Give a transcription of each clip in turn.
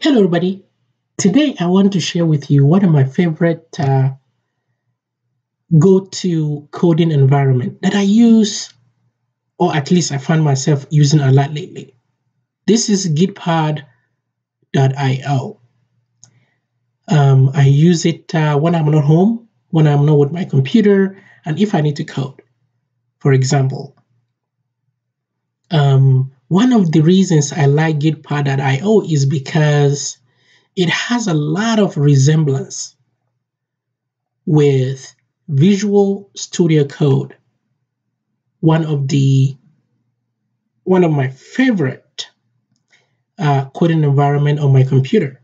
Hello, everybody. Today, I want to share with you one of my favorite uh, go to coding environment that I use, or at least I find myself using a lot lately. This is github.io. Um, I use it uh, when I'm not home, when I'm not with my computer, and if I need to code. For example, um, one of the reasons I like Gitpod.io is because it has a lot of resemblance with Visual Studio Code, one of the one of my favorite uh, coding environment on my computer.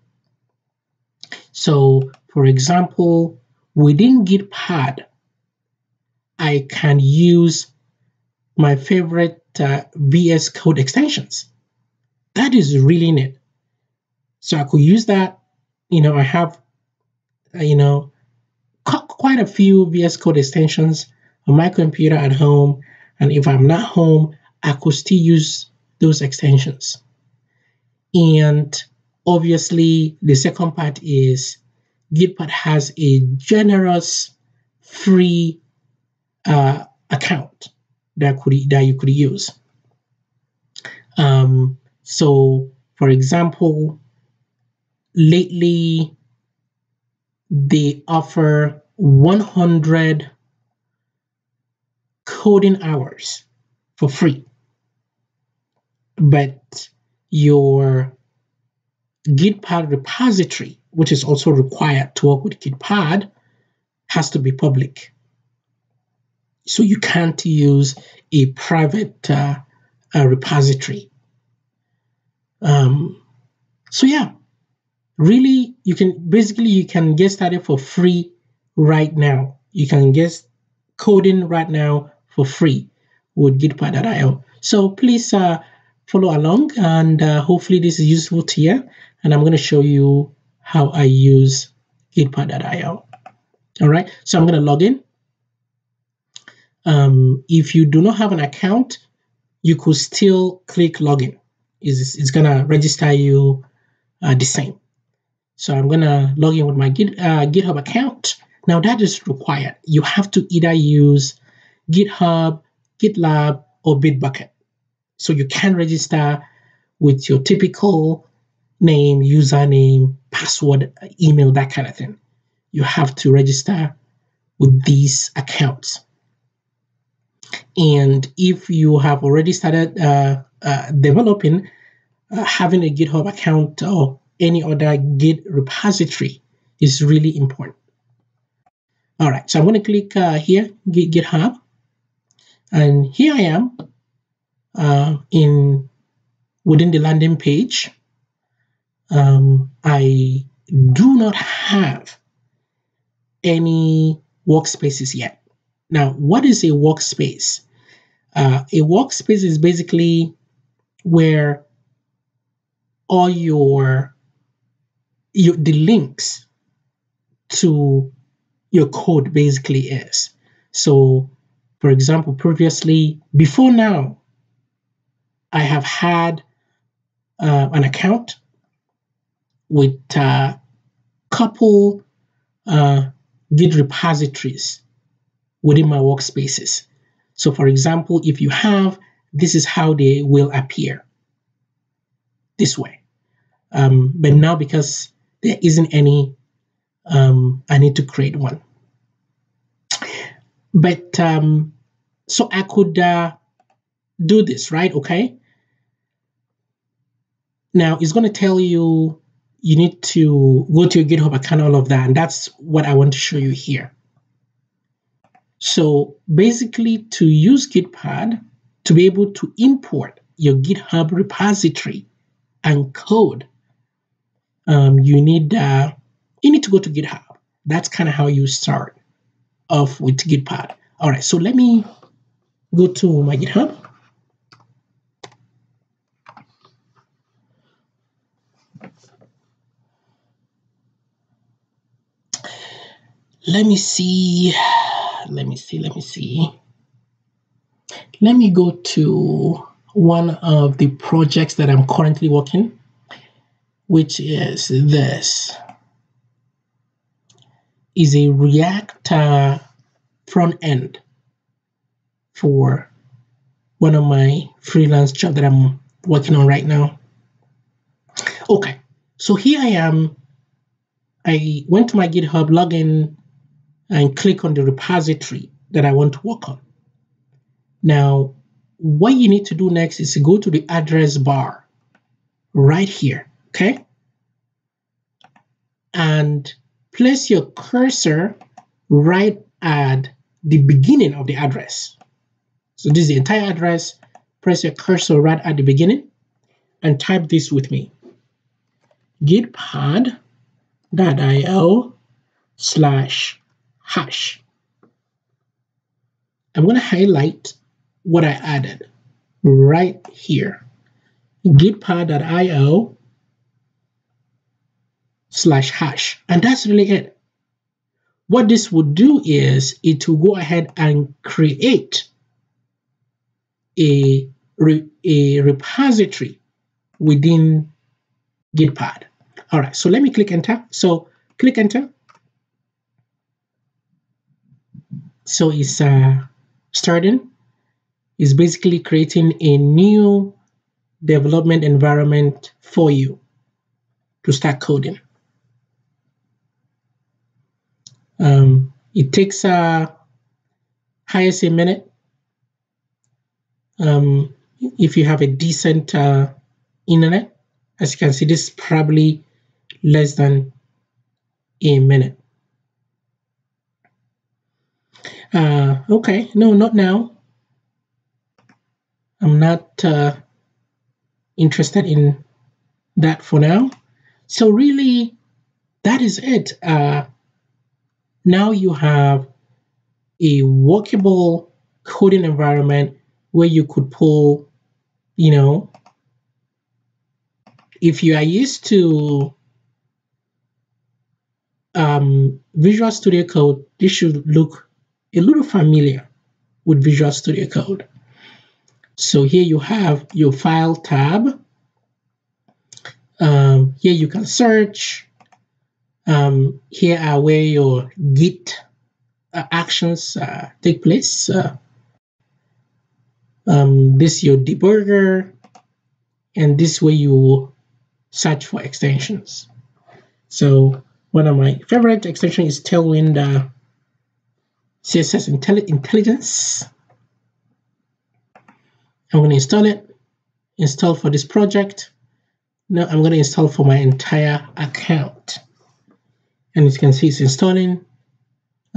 So, for example, within Gitpod, I can use my favorite uh, VS Code extensions. That is really neat. So I could use that. You know, I have, uh, you know, quite a few VS Code extensions on my computer at home. And if I'm not home, I could still use those extensions. And obviously, the second part is Gitpod has a generous free uh, account that could that you could use. Um, so, for example, lately they offer 100 coding hours for free, but your Gitpad repository, which is also required to work with Gitpad, has to be public. So you can't use a private uh, uh, repository. Um, so yeah, really, you can basically you can get started for free right now. You can get coding right now for free with gitpad.io. So please uh, follow along, and uh, hopefully this is useful to you. And I'm going to show you how I use gitpad.io. All right, so I'm going to log in um, if you do not have an account, you could still click login. It's, it's going to register you uh, the same. So I'm going to log in with my Git, uh, GitHub account. Now that is required. You have to either use GitHub, GitLab, or Bitbucket. So you can register with your typical name, username, password, email, that kind of thing. You have to register with these accounts. And if you have already started uh, uh, developing, uh, having a GitHub account or any other Git repository is really important. All right, so I'm going to click uh, here, Git, GitHub. And here I am uh, in within the landing page. Um, I do not have any workspaces yet. Now, what is a workspace? Uh, a workspace is basically where all your, your the links to your code basically is. So, for example, previously, before now, I have had uh, an account with a uh, couple uh, Git repositories within my workspaces. So for example, if you have, this is how they will appear this way. Um, but now because there isn't any, um, I need to create one. But um, so I could uh, do this, right? Okay. Now it's going to tell you you need to go to your GitHub account, all of that. And that's what I want to show you here. So basically to use Gitpad, to be able to import your GitHub repository and code, um, you need uh, you need to go to GitHub. That's kind of how you start off with Gitpad. All right, so let me go to my GitHub. Let me see let me see, let me see. Let me go to one of the projects that I'm currently working, which is this. Is a React uh, front end for one of my freelance job that I'm working on right now. Okay, so here I am. I went to my GitHub login and click on the repository that I want to work on. Now, what you need to do next is to go to the address bar right here, okay? And place your cursor right at the beginning of the address. So this is the entire address. Press your cursor right at the beginning and type this with me. gitpad.io slash hash. I'm going to highlight what I added right here. gitpod.io slash hash. And that's really it. What this would do is it will go ahead and create a, re a repository within Gitpod. All right, so let me click enter. So click enter. So it's uh, starting. It's basically creating a new development environment for you to start coding. Um, it takes uh, highest a minute. Um, if you have a decent uh, internet, as you can see, this is probably less than a minute. Uh, okay, no, not now. I'm not uh, interested in that for now. So really, that is it. Uh, now you have a workable coding environment where you could pull, you know, if you are used to um, Visual Studio Code, this should look a little familiar with Visual Studio Code. So here you have your file tab. Um, here you can search. Um, here are where your Git uh, actions uh, take place. Uh, um, this your debugger, and this way you search for extensions. So one of my favorite extensions is Tailwind CSS Intelli Intelligence. I'm going to install it, install for this project. Now I'm going to install for my entire account. And as you can see, it's installing.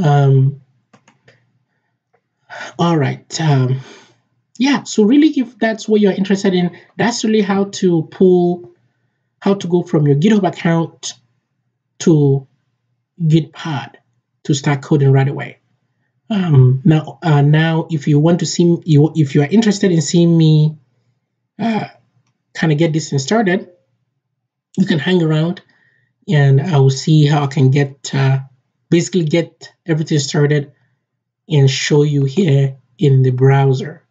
Um, all right. Um, yeah, so really, if that's what you're interested in, that's really how to pull, how to go from your GitHub account to GitPod to start coding right away. Um, now, uh, now, if you want to see, me, you, if you are interested in seeing me uh, kind of get this thing started, you can hang around and I will see how I can get, uh, basically get everything started and show you here in the browser.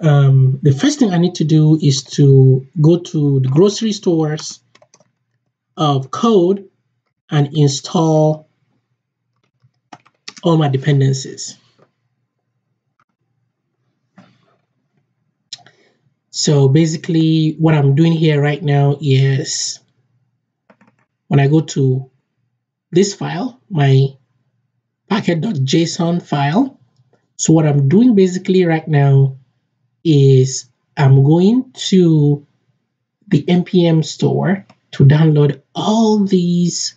Um, the first thing I need to do is to go to the grocery stores of code and install all my dependencies. So basically what I'm doing here right now is when I go to this file, my packet.json file. So what I'm doing basically right now is I'm going to the npm store to download all these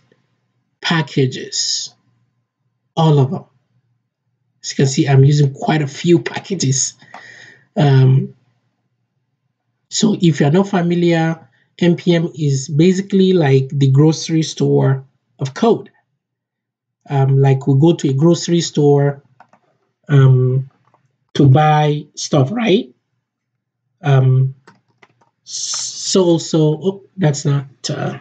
packages all of them. As you can see, I'm using quite a few packages. Um, so if you're not familiar, NPM is basically like the grocery store of code. Um, like we go to a grocery store um, to buy stuff, right? Um, so, so, oh, that's not uh,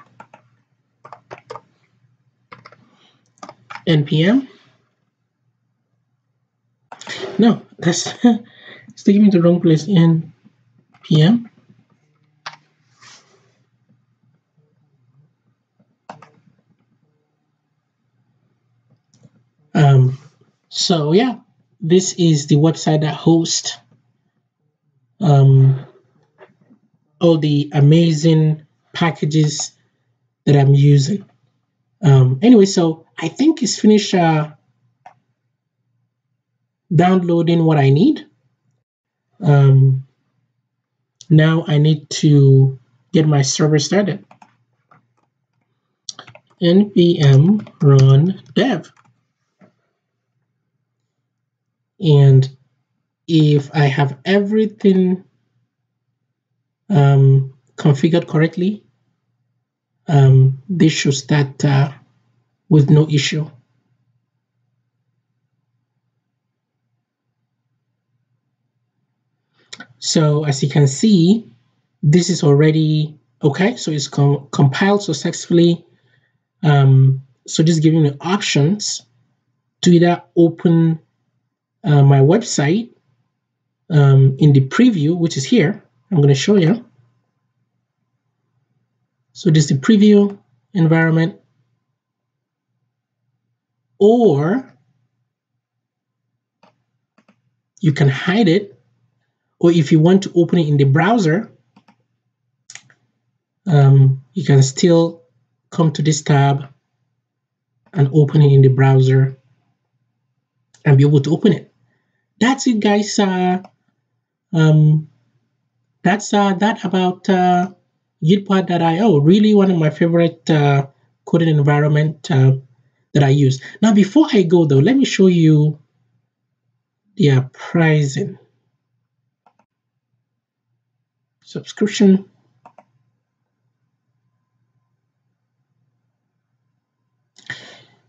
NPM. No, that's taking me to the wrong place in PM. Um, so yeah, this is the website that hosts um, all the amazing packages that I'm using. Um, anyway, so I think it's finished uh, Downloading what I need. Um, now I need to get my server started. npm run dev. And if I have everything um, configured correctly, um, this should start uh, with no issue. So as you can see, this is already okay. So it's com compiled successfully. Um, so just giving me options to either open uh, my website um, in the preview, which is here. I'm going to show you. So this is the preview environment. Or you can hide it or if you want to open it in the browser, um, you can still come to this tab and open it in the browser and be able to open it. That's it, guys. Uh, um, that's uh, that about uh, Udpod.io. Really, one of my favorite uh, coding environment uh, that I use. Now, before I go though, let me show you the uh, pricing subscription.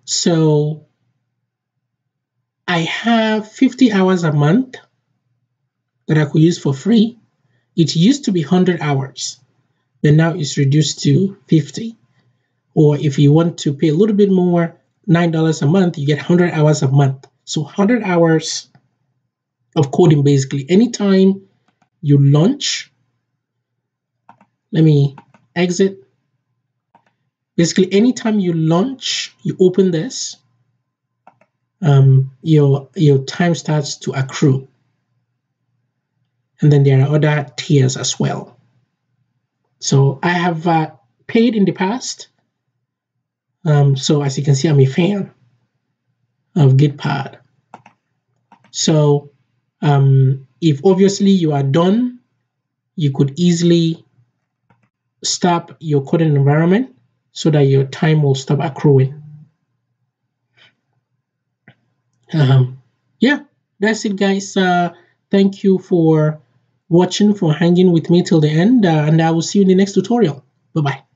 So I have 50 hours a month that I could use for free. It used to be 100 hours, but now it's reduced to 50. Or if you want to pay a little bit more, $9 a month, you get 100 hours a month. So 100 hours of coding basically. Anytime you launch let me exit. Basically, anytime you launch, you open this, um, your, your time starts to accrue. And then there are other tiers as well. So I have uh, paid in the past. Um, so as you can see, I'm a fan of Gitpad. So um, if obviously you are done, you could easily stop your coding environment so that your time will stop accruing. Um, yeah, that's it, guys. Uh, thank you for watching, for hanging with me till the end, uh, and I will see you in the next tutorial. Bye-bye.